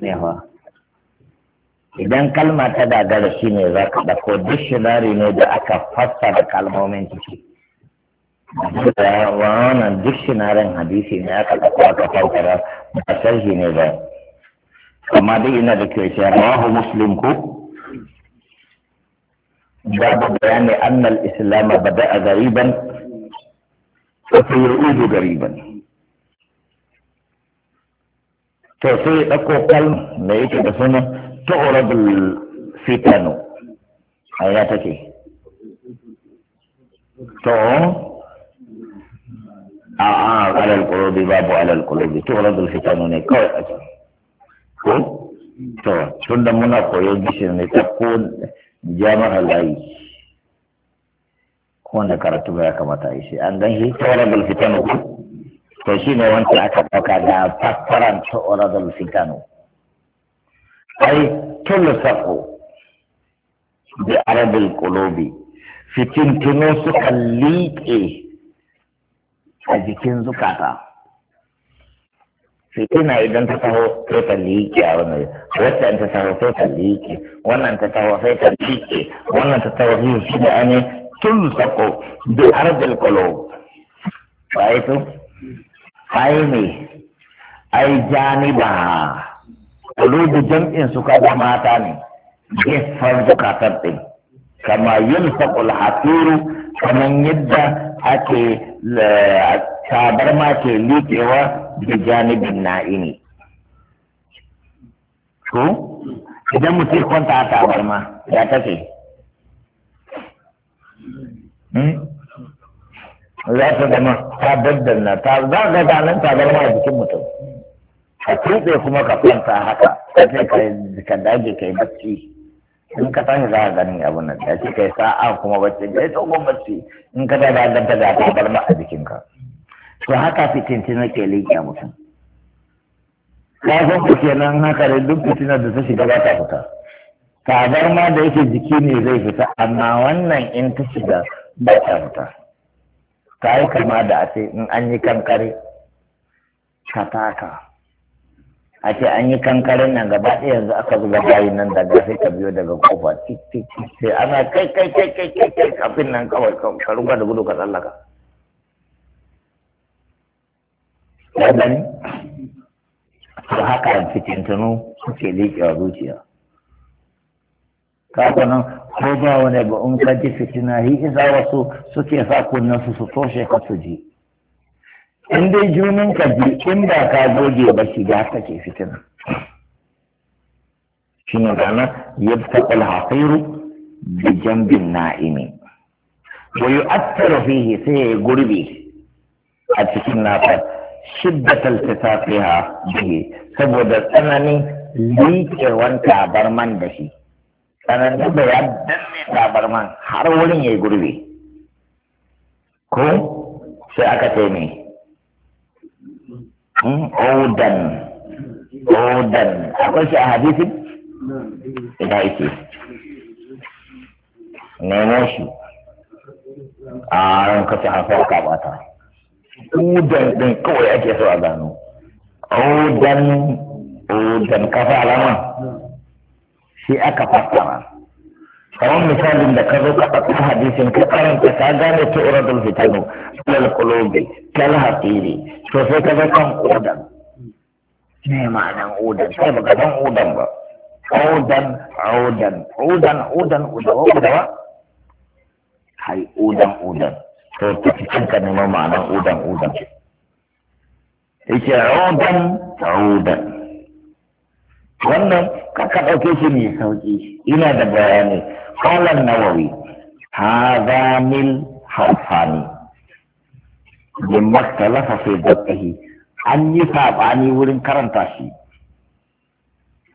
yawa idan kalma ta dagara shi ne za ka ɗauko dictionary ne da aka fassara kalmomin ciki wannan dictionarin hadisi ne aka ɗauko aka fassara ba sharhi ne ba amma dai ina da kyau shi rawahu muslim ko babu bayani annal islam bada a gariban fa ubu gariban to sai ɗauko kalma da yake da suna tu'radul fitanu a ya take to a a alal qulubi babu alal qulubi tu'radul fitanu ne kawai a ce ko to tunda muna koyo gishin ne ta ko jama'a layi wanda karatu ya kamata a yi shi an gan shi tu'radul fitanu ko to shi ne wanda aka ɗauka da fassaran ta'ura da lufikano ai tulsaku bi arabil qulubi fitintino suka liƙe a jikin zukata fitina idan ta taho sai ta liƙe a wannan wacce ta taho sai ta liƙe wannan ta taho sai ta liƙe wannan ta taho sai shi da ne tulsaku bi arabil qulub ba ai ai ne ai janiba kulubu jam'in su kaga mata ne gefen zukatar ɗin kama yin faƙul hasiru kamar yadda ake tabar ma ke liƙewa da janibin na'ini ko idan mutum kwanta a tabar ma ya take hmm? za ta zama ta daddanna ta za ga ganin ta zama a jikin mutum ka tuɓe kuma ka kwanta haka ka ce ka dage ka yi bacci in ka tashi za ka gani abu nan ya ce ka yi sa'a kuma bacci ka yi tsohon bacci in ka ga ganta da ta bar ma a jikinka to haka na ke liƙe mutum kafin ku kenan haka da duk fitinar da ta shiga ba ta fita bar ma da yake jiki ne zai fita amma wannan in ta shiga ba ta fita Ka yi kama da a ce in an yi kankare ka taka a ce an yi kankare nan gaba ɗaya yanzu aka zuba bayi nan daga sai ka biyo daga kofa tik sai ana kai kai kai kai kai kai kafin nan kawai ka ruga da gudu ka tsallaka ya gani su haka cikin tunu suke liƙewa zuciya kaga nan ko ba wani ba in ka ji fitina hi isa wasu suke sa kunnen su su toshe ka su ji in dai junin ka ji in ba ka goge ba shi shiga ke fitina shi ne gana taɓa hasiru da jambin na'imi wa yu'attaru fihi sai gurbi a cikin nafar shiddatal tasafiha bihi saboda tsananin liƙewan tabarman da shi sanannin da ya danne tabarman har wurin ya yi gurbi ko sai aka ce ne hmm? odan odan akwai shi a hadisi? ina yake nemo shi a ran kace hafa ka bata odan din kawai ake so a gano odan odan kafa alama shi aka fassara kamar misalin da ka zo ka faɗi hadisin ka karanta ka gane ta uradul fitanu lal qulubi kal hatiri to sai ka ga kan udan Me ma'anan udan sai baka san udan ba udan udan udan udan udan udawa hai udan udan to ta cikin ka neman ma'anan udan udan yake udan udan wannan kaka ɗauke shi ne sauƙi ina da bayani kalan nawawi hadha mil harfani bin lafa sai dabbahi an yi saɓani wurin karanta shi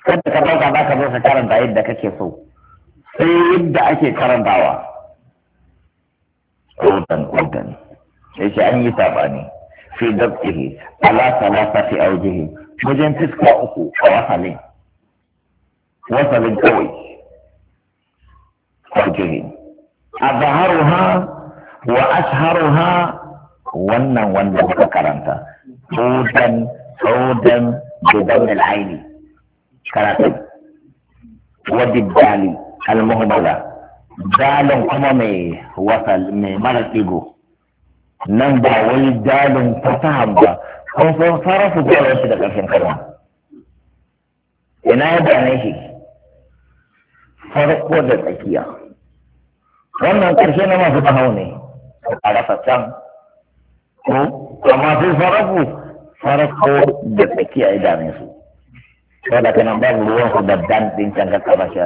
kada ka ɗauka za ka zo ka karanta yadda kake so sai yadda ake karantawa ƙudan ƙudan sai ce an yi saɓani fi dabbahi ala salasa aujihi wajen fiska uku a wasalin wasalin kawai kwarjini azharuha wa asharuha wannan wanda muka karanta saudan saudan duban al'aini karatun wadi dali almuhmala dalin kuma mai wasal mai mara tsigo nan ba wai dalin fasahan ba kun san sarrafa gwamnati da ƙarfin karma ina ya bayanai shi farko da tsakiya wannan ƙarshe na masu tahau ne a rasa can ko amma sai faraku farko da tsakiya ya su saboda kana babu ruwan su da dan din can ka kama shi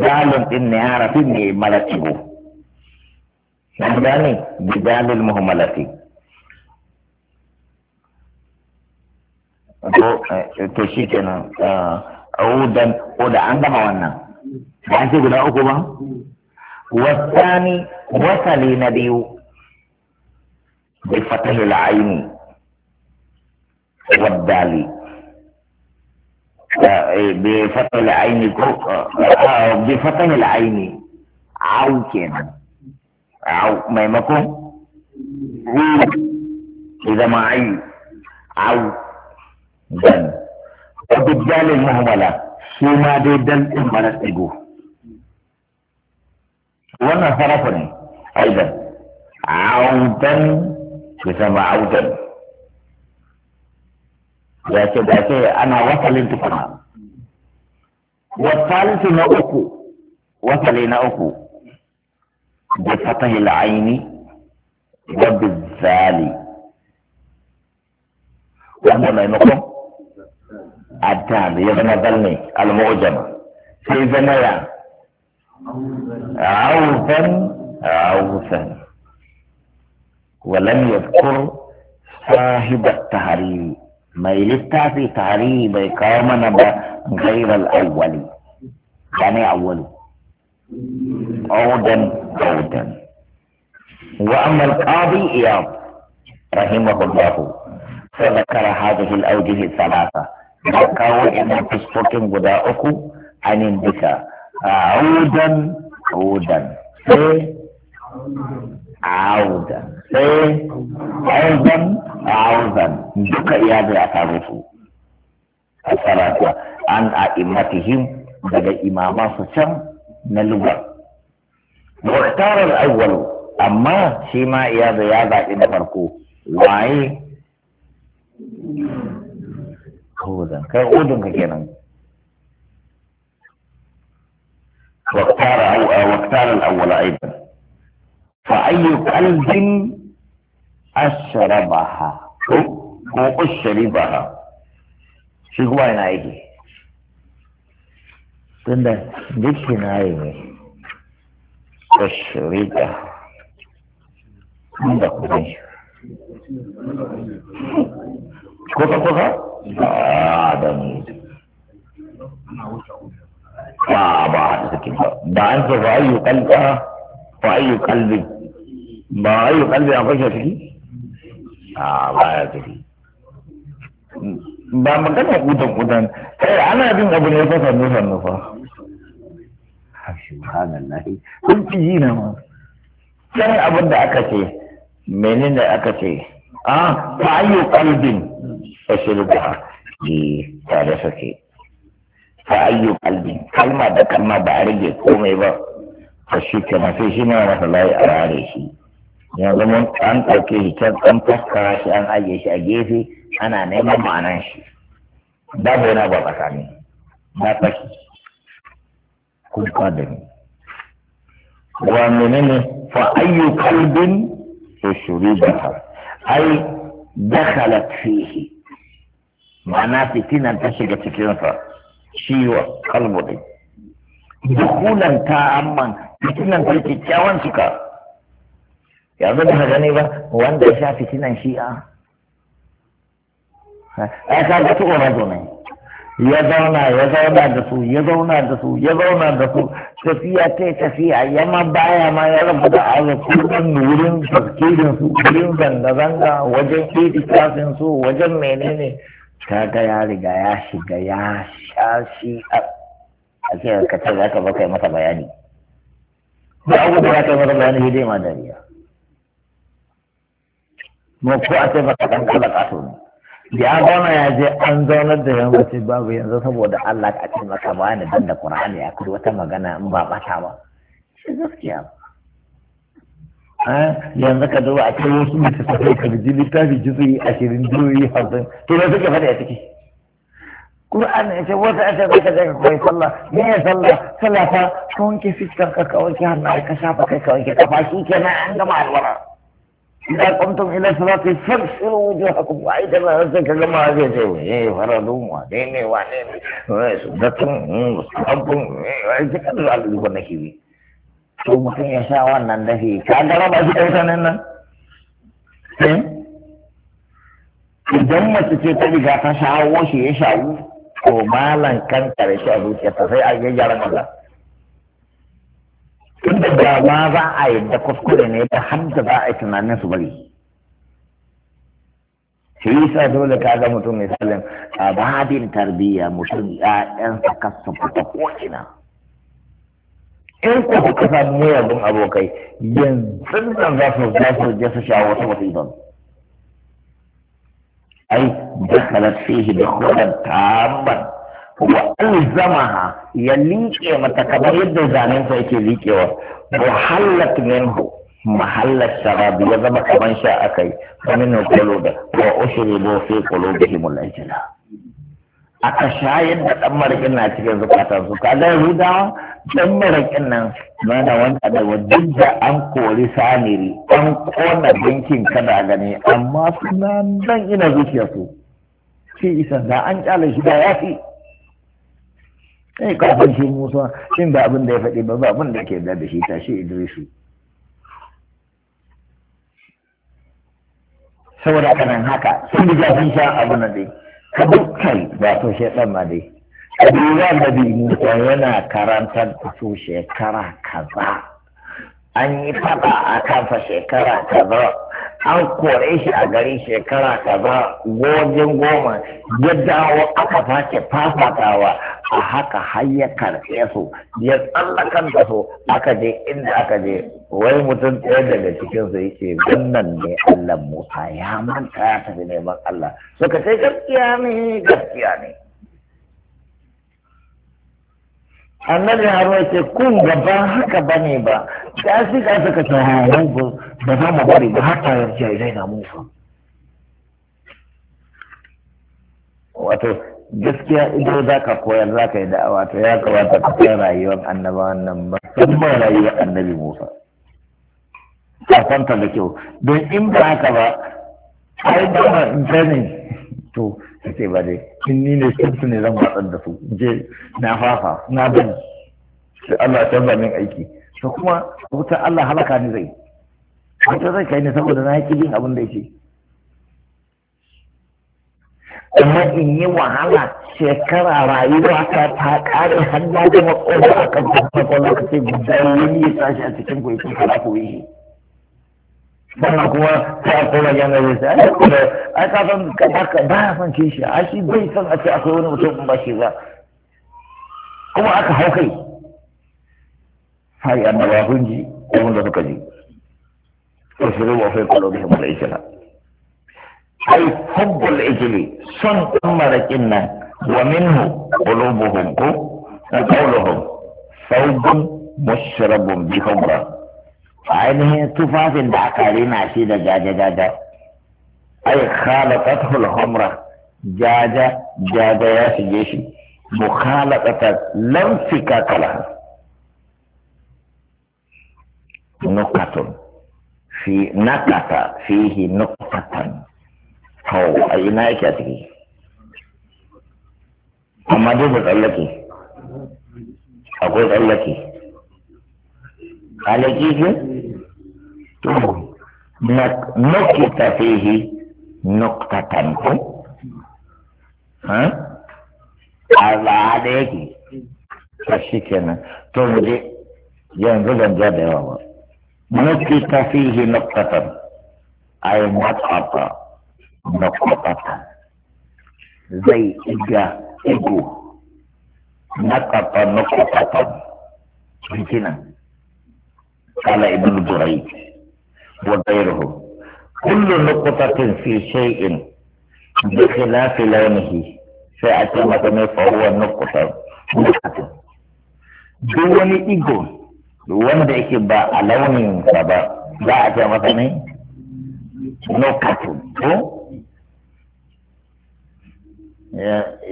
dalin din ne harafin ne malatigo an gane bidalil muhammalati eh, to shi kenan eh, audan ko da an gama wannan an ce guda uku ba wasani wasali na biyu bil fatahi al-aini wa dali bi fatahi al-aini ko bi fatahi al-aini au kenan au maimakon إذا ما عين أو دم وبالدال المهملة shi ma dai dan ɗin mana tsigo wannan sarrafa ne aidan autan su sama autan ya ce da ce ana wasalin tukuna wasalinsu na uku wasali na uku da fatahil aini wa bizali wanda maimakon التعب يبنى ظلمي المعجمة في زمايا عوفا عوفا ولم يذكر صاحب التعريب ما يلتا في تهريب قامنا غير الأول يعني أول عودا عودا وأما القاضي إياب رحمه الله فذكر هذه الأوجه الثلاثة da kawo ina fuskokin guda uku nin duka audan audan sai audan sai a audan duka iya da ya faru su a tsaratuwa an a imatihim daga imama su can na lugar mu'tarar awwal amma shi ma iya da ya zaɓi na farko waye hudan kai hudun ka kenan واختار أو واختار الأول أيضا فأي قلب أشربها أو أشربها شو هو هنا أيدي tunda dictionary ne tashriga da kudin shi kusa kusa a ah, da mu ba ah, ba a cikin ba da an ce ba ayyu kalba ba ayyu kalbi ba ayyu kalbi a kwashe ciki a ah, ba ya ciki ba magana kutan kutan kai ana bin abu ne fa sanu sanu fa subhanallahi kun ci na ma sai abin da aka ce menene aka ce a ah, ta ayyu kalbin fashirga ji tare suke ta ayyu kalbin kalma da kalma ba a rage komai ba ta shi kenan sai shi ne masa layi a rare shi yanzu mun an ɗauke shi can an faskara shi an ajiye shi a gefe ana neman ma'anan shi babu yana ba tsakani na fashi kun da ni wa menene fa ayyu kalbin shuribaha ai dakhalat fihi ma'ana fitinan ta shiga cikinsa ciwo kalbu din dukulan ta amman fitinan ta kyakkyawan suka yanzu a gani ba wanda ya sha fitinan shi'a ai ka ga tu'ura ya zauna ya zauna da su ya zauna da su ya zauna da su tafiya ta tafiya ya ma baya ma ya rabu da aza kullum wurin tafkirin su wurin zanga-zanga wajen kiri kafin su wajen menene kaga ya riga ya shiga ya sha shi a ce ka ce za ka baka yi masa bayani ba abu da za ka yi masa bayani dai ma dariya mu ko a ce ka ɗan kala kaso ne ya gama ya je an zaunar da yan wace babu yanzu saboda Allah ka ce maka ba ni dan da Qur'ani a kai wata magana in ba bata ba shi gaskiya yanzu ka duba a kai wasu mutu ta kai ka ji littafi jizuyi ashirin jizuyi hamsin to ne suke faɗi a ciki Qur'ani ya ce wata ya ce za ka je ka koyi sallah me ya sallah sallah ta ka wanke fiskar ka ka wanke hannu ka shafa kai ka wanke kafa shi kenan an gama alwara idan kwamtum ila salati fagsilu wujuhakum wa aidan sai ka gama zai ce eh faradun wa dai ne wa ne wai su datun musabbun wai ya idan mace ce ta riga ta shawo shi ya shawo to malan kan karshe a zuciyarta sai a yi Allah wanda ba ma za a yadda kuskure ne da hadda za a yi tunanin su bari shi yasa dole ka ga mutum misalin a babin tarbiyya mutum ya'yansa kasa fita ko'ina in ku kuka samu miyagun abokai yanzu nan za su za su je su shawo wasu wasifan ai dakhalat fihi dukhulan tamman zama ha ya liƙe mata kamar yadda zanen sa yake liƙewa wa hallat minhu mahallat sharabi ya zama kamar sha akai wa minhu quluba wa ushribu fi qulubihim al-ajla aka shayar da dan marikin na cikin zukatan su kaga yahudawa dan marikin nan mana wanda da wajen da an kori samiri an kona binkin kada gani amma suna nan ina zuciya su shi isa da an kyale shi da yafi kai eh, kafin shi musa shin ba abin da ya faɗi ba ba abin da ke da shi tashi idrisu saboda haka nan haka sun bi sun sha abu na dai ka dukkan ba to ɗan ma dai bi musa yana karantar da so shekara kaza an yi faɗa a kafa shekara kaza an kore shi a gari shekara kaza wajen goma ya dawo aka sake fafatawa a haka har ya su ya tsallakan da su aka je inda aka je wai mutum ɗaya daga cikin su ce wannan ne Allah Musa ya manta ya tafi neman Allah suka ce gaskiya ne gaskiya ne annabi haruwa ce kun gaba haka ba ne ba ta fi ka suka ta ba za mu bari ba haka yarje zai na fa wato gaskiya ido za ka koyar za ka yi da'awa to ya kamata ka koyar rayuwar annaba wannan ba ba rayuwar annabi musa a santa da kyau don in ba haka ba ai ba ma sani to su ce ba dai in ni ne su ne zan watsar da su je na fafa na bin sai Allah ta canza min aiki to kuma wutar Allah halaka ni zai wutar zai kai ne saboda na yi bin abin da yake amma in yi wahala shekara rayuwa ta ta kare hannu ya zama a kan kwakwalwa ka ce guda yi ya tashi a cikin kwaikwayo kala koyi dama kuma ta koma yana zai shi ai kuma ai ka san haka ba ya san kishi a shi bai san a ce akwai wani mutum ba shi ba kuma aka hau kai hai ba sun ji abin da suka ji to shi ruwa fai kwallo da himmar ai hubbul ijili son ɗan nan wa minhu qulubuhum ko qawluhum thawbun mushrabun bi humra ainihin tufafin da aka rina shi da jaja-jaja ai khalaqatul humra jaja jaja ya shige shi mukhalaqata lamsika kala nukatun fi nakata fihi nukatan hau a ina yake a ciki amma dai da tsallake akwai tsallake alaki ce tubuh nak nukita fihi nuktatan ku ha ala adegi kasi kena tubuh di yang belum jadi wawa nukita fihi nuktatan ay matata nuktatan zai iga igu nakata nuktatan bikinan kala ibn Jurayji وغيره كل نقطة في شيء بخلاف لونه ساعة مثلا فهو نقطة نقطة دون إيجو wanda yake ba a launin sa ba za a ne ko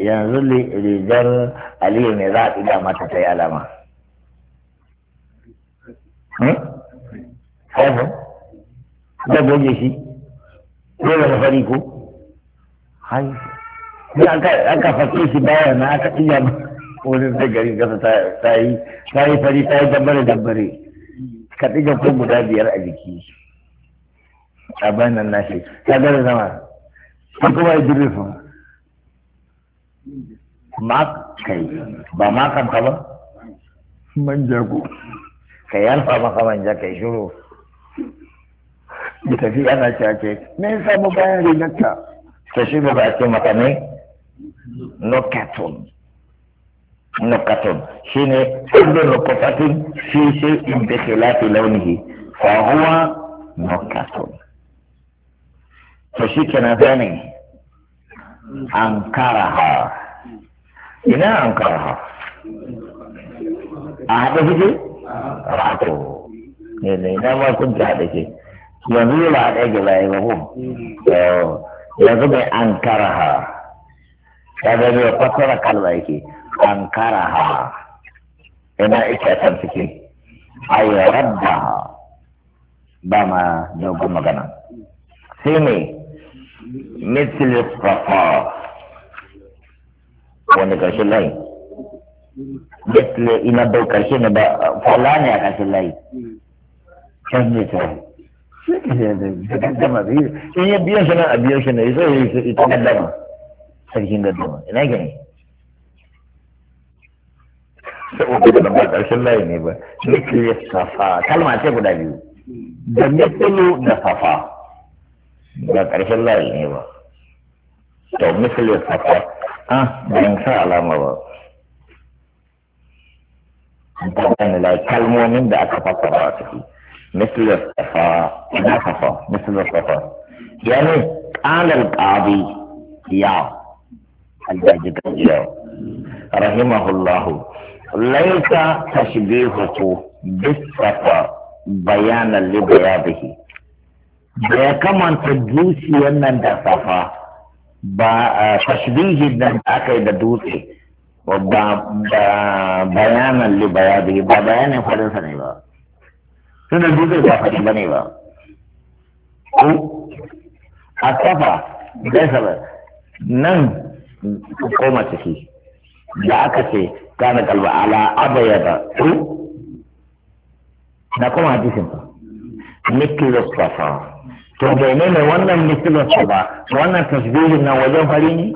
yanzu rigar aliyu ne za a ɗiga mata ta yi alama da ya shi dole da fari ko hai sai an ka fakke shi baya na aka iya wani da gari gasa ta yi ta yi fari ta yi dabbare dambare ka ɗiga ko guda biyar a jiki a bayanan nashi ta gara zama ta kuma idris ma kai ba ma kanka ba manja ko kai alfa ka manja kai shuru da tafi ana cace me yasa mu bayan rigarka to shi ba ba ce maka ne ne lokatun shine kullu lokatin fi shay'in bi khilafi launihi fa huwa to shi kenan zanin ankaraha ina ankaraha a haɗe hije rato ne ne na ma kun ta haɗe ke yanzu yi ba ɗaya gaba ya bahu yanzu mai an kara ha ya zai mai fasara kalma yake an kara ha ina ike kan suke a yi radda ba ma dogon magana sai ne mitil fafa wani ƙarshen layi mitil ina bai ƙarshe ne ba fala a ƙarshen layi can ne shi ke da gaddama in ya biyan shi nan a biyan shi ne yi ita gaddama sarkin gaddama ina gani saboda da ba layi ne ba safa kalma ce guda biyu da da safa ba layi ne ba to safa ah ban sa alama ba ta kalmomin da aka fassara a مثل الصفا نحفا مثل الصفا يعني قال القاضي يا الحجاج الجزيرة رحمه الله ليس تشبيهه بالصفا بيانا لبياضه كما تدوسي ان انت صفا آه، تشبيه ان اكيد دوسي وبيانا لبياضه بيانا فلسنة suna dukkan ba faɗi ba ne ba ko a kafa zai saba, nan koma ciki da aka ce kana kalba ala abaya da ko na koma hadisin ba mikilos safa to bai ne wannan mikilos ba wannan tasbihin nan wajen fari ne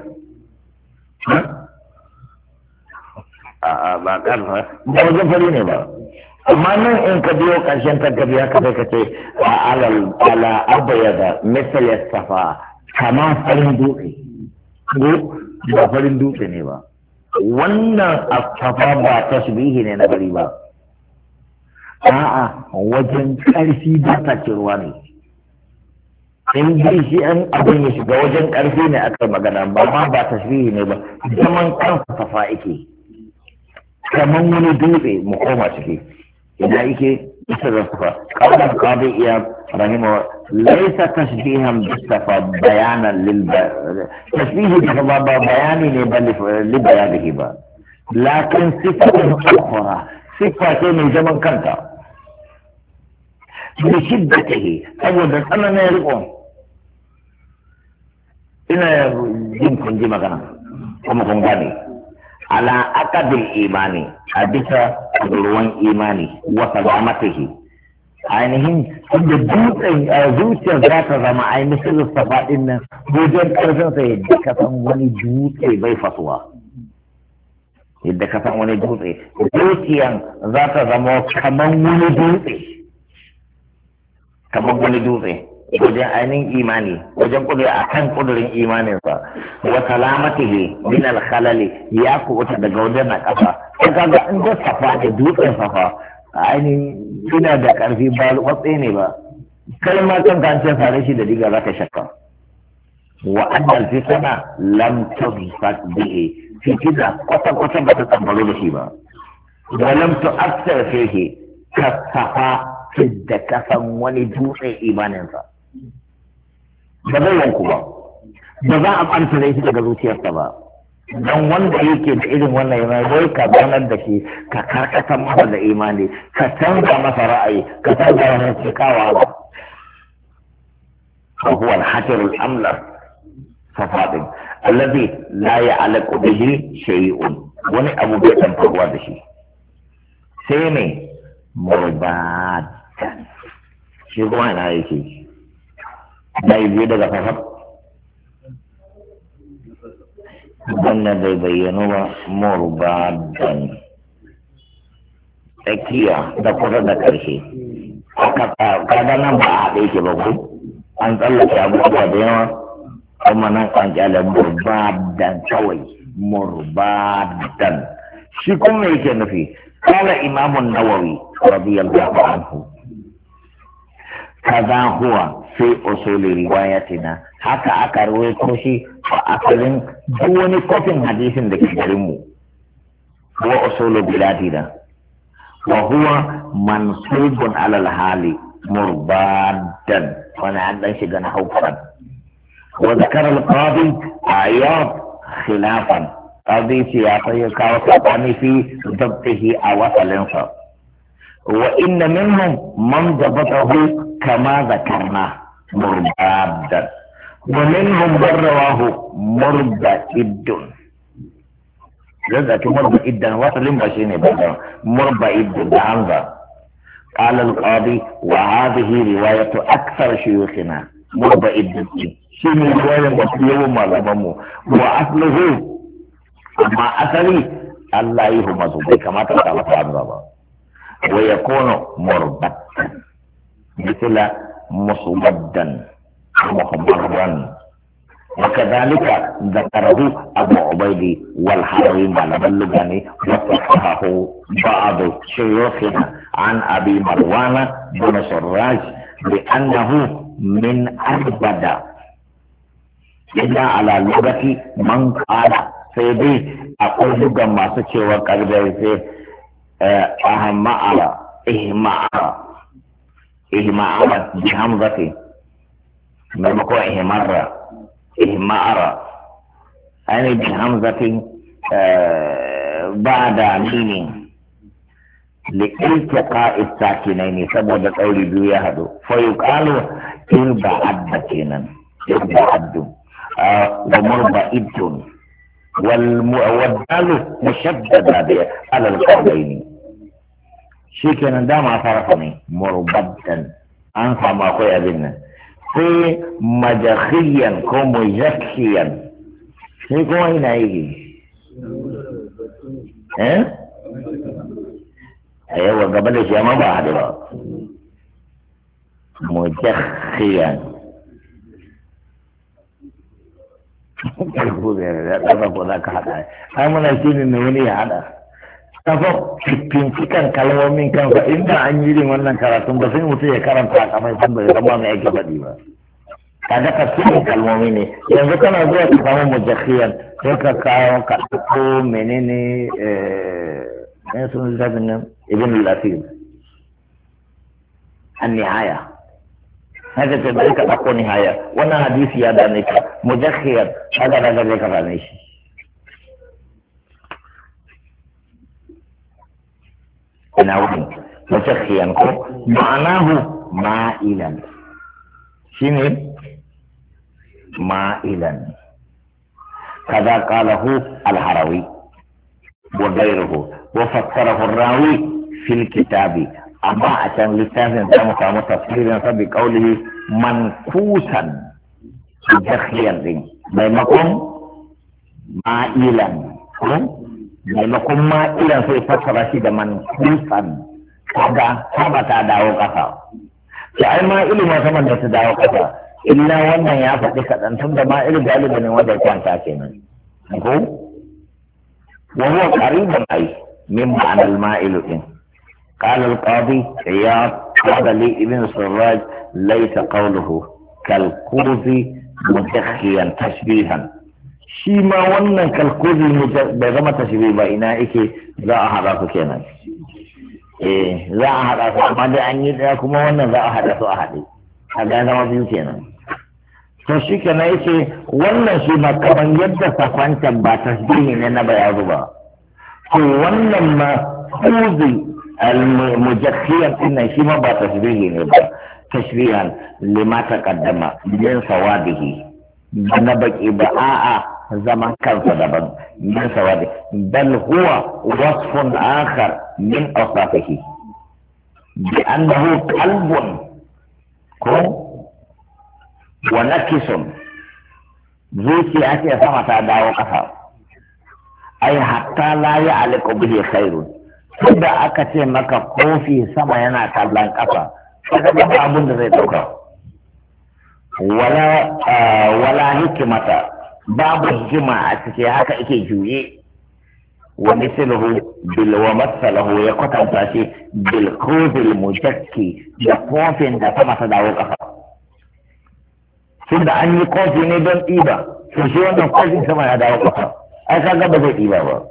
ba ƙarfa ba wajen fari ne ba amma nan in ka biyo ƙarshen ta ka biya ka ce a alal ala abayada misal yastafa kama farin dutse ko ba farin dutse ne ba wannan astafa ba tasbihi ne na bari ba a'a wajen ƙarfi ba ta ruwa ne in dai shi an abin ya shiga wajen ƙarfi ne aka magana ba ma ba tasbihi ne ba zaman kansa safa ike kaman wani dutse mu koma ciki إذا يكي تصرفها قال القاضي إياب رحمه ليس تشبيها بالصفة بيانا للب... تشبيه بالصفة بيانا للبيان لكن صفة أخرى صفة من زمن كنتا لشدته أولا أنا نيرقون إنا جيم كن جيم أغنى على أكد الإيمان أبسا ruwan imani mata shi ainihin inda dutsen eh, zuciyar za ta zama ainihin lissafa ɗin nan wajen ƙarfin sa yadda ka san wani dutse bai fasuwa yadda ka san wani dutse zuciyan za ta zama kamar wani dutse kamar wani dutse wajen ainihin imani wajen kudura a kan kudurin imaninsa wa salamatihi min alkhalali ya kubuta daga wajen na kafa sai ka ga inda safa da dutsen safa ainihin suna da karfi ba watsi ne ba kai ma kan ce sare shi da diga zaka shakka wa annal fitana lam tuzfat bihi fitina kwata kwata ba ta tambaro da shi ba wa lam tu'assar fihi kasafa da kasan wani dutsen imaninsa ba zai yanku ba ba za a ɓantare shi daga zuciyarsa ba don wanda yake da irin wannan yana zai ka banar da shi ka karkatar masa da imani ka canza masa ra'ayi ka canza masa cikawa ba fa huwa al-hajar al-amlar safadin allazi la ya'laqu bihi shay'un wani abu bai ɗan faruwa da shi sai ne murbatan shi kuma ina yake layi biyu daga fafaf wannan bai bayyano ba murbadan tsakiya da kusa da ƙarshe aka kada nan ba a haɗe yake ba ku an tsallake abubuwa da yawa kuma nan an kyale murbadan kawai murbadan shi kuma yake nufi kala imamun nawawi radiyallahu anhu كذا هو في أصول روايتنا حتى أكروي كوشي فأكلم دون كوفين حديث لكبرمو هو أصول بلادنا وهو منصوب على الحال مربادا وانا عندنا شيء انا حوفا وذكر القاضي عياض خلافا قاضي سياسي كاوسطاني في ضبطه او وصل وان منهم من ضبطه كما ذكرنا مربادا ومنهم من رواه مربئد جزء مربئدا وصل بشيني بدر مربئد بحمزة قال القاضي وهذه رواية أكثر شيوخنا مربئد شنو رواية مسلم لبمو وأصله أما أصلي الله يهو يهمزه كما تقال هذا ويكون مربتا مثل مصمدا ومحمرا وكذلك ذكره أبو عبيد والحرم على بلغني وصححه بعض شيوخنا عن أبي مروان بن سراج بأنه من أجبد إلا على لغة من قال سيدي أقول لغة ما سكي وكذلك أهم على إهماء إجماعات بحمزة ممكو إهمرة إهمارة أنا بحمزة آه بعد عميني لالتقاء الساكنين سبب قولي بيو يهدو فيقالوا إن بعد بكينا إن بعد آه ومربع إبتون والدال مشددة على القولين shi kenan dama sarrafa ne murbaddan an samu akwai abin nan sai majahiyan ko mujakiyan sai kuma ina yi eh a yawa gaba da shi amma ba haɗu ba mujahiyan karfu da ya ɗaga ko za ka haɗa ai muna shi ne wani ya haɗa kafa fincikan kalmomin kansa inda an yi irin wannan karatun ba sai mutum ya karanta a kamar sun bai zama mai ake faɗi ba kaga tuni kalmomi ne yanzu kana zuwa ka samu mujahiyan sai ka kawo ka ko menene ne sun zabi nan ibn latif an nihaya haka ce bai ka ɗauko nihaya wannan hadisi ya dame ka mujahiyan haka daga zai ka dame shi ina wurin musakhiyan ko ma'anahu ma'ilan shine ma'ilan kaza qalahu al-harawi wa ghayruhu wa fassarahu ar-rawi fil kitabi amma a can littafin za mu samu tafsirin sa bi qawlihi mankusan musakhiyan din maimakon ma'ilan ko maimakon ma irin sai fassara shi da man kusan kaga saba ta dawo kasa da ai ma ilimin saman da ta dawo kasa illa wannan ya faɗi kaɗan tun da ma irin galibi ne wanda ya ke kenan ko wa huwa qariban ai min ma'ana al-ma'ilu din قال القاضي عياض قال لي ابن سراج ليس قوله كالكرز مدخيا tashbihan shi ma wannan kalkuli ne bai zama tashiri ba ina yake za a haɗa ku kenan eh za a haɗa su amma dai an yi ɗaya kuma wannan za a haɗa su a haɗe a ga zama biyu kenan to shi kenan yake wannan shi ma kamar yadda sakwancan ba tasbihi ne na bayazu ba to wannan ma kuzi al-mujakkiyan dinnan shi ma ba tasbihi ne ba tashbihan lima taqaddama min sawabihi na baki ba a'a zaman kansa daban min sawadi bal huwa wasfun akhar min awsafihi bi annahu qalbun ko wa nakisun zuki ce sama ta dawo kasa ai hatta la ya aliku bihi khairun da aka ce maka kofi sama yana kallon kafa kaga ba abin da zai dauka wala ah, wala hikimata babu jima a cike haka ake juye wa misluhu bil wa masalahu ya kwatanta shi bil kuzil mujakki da kofin da ta masa dawo kafa tunda an yi kofi ne don ɗiba to shi wannan kofin sama ya dawo kafa ai kaga ba zai ɗiba ba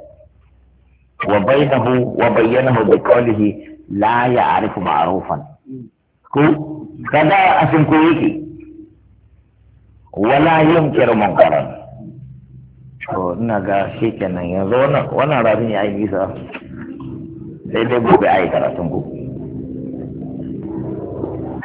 wa bainahu wa bayyanahu bi qawlihi la ya'rifu ma'rufan ko kada a sun koyi wala yunkiru munkaran to ina ga shi kenan yanzu wannan rabin ya yi nisa sai dai gobe a yi karatun ku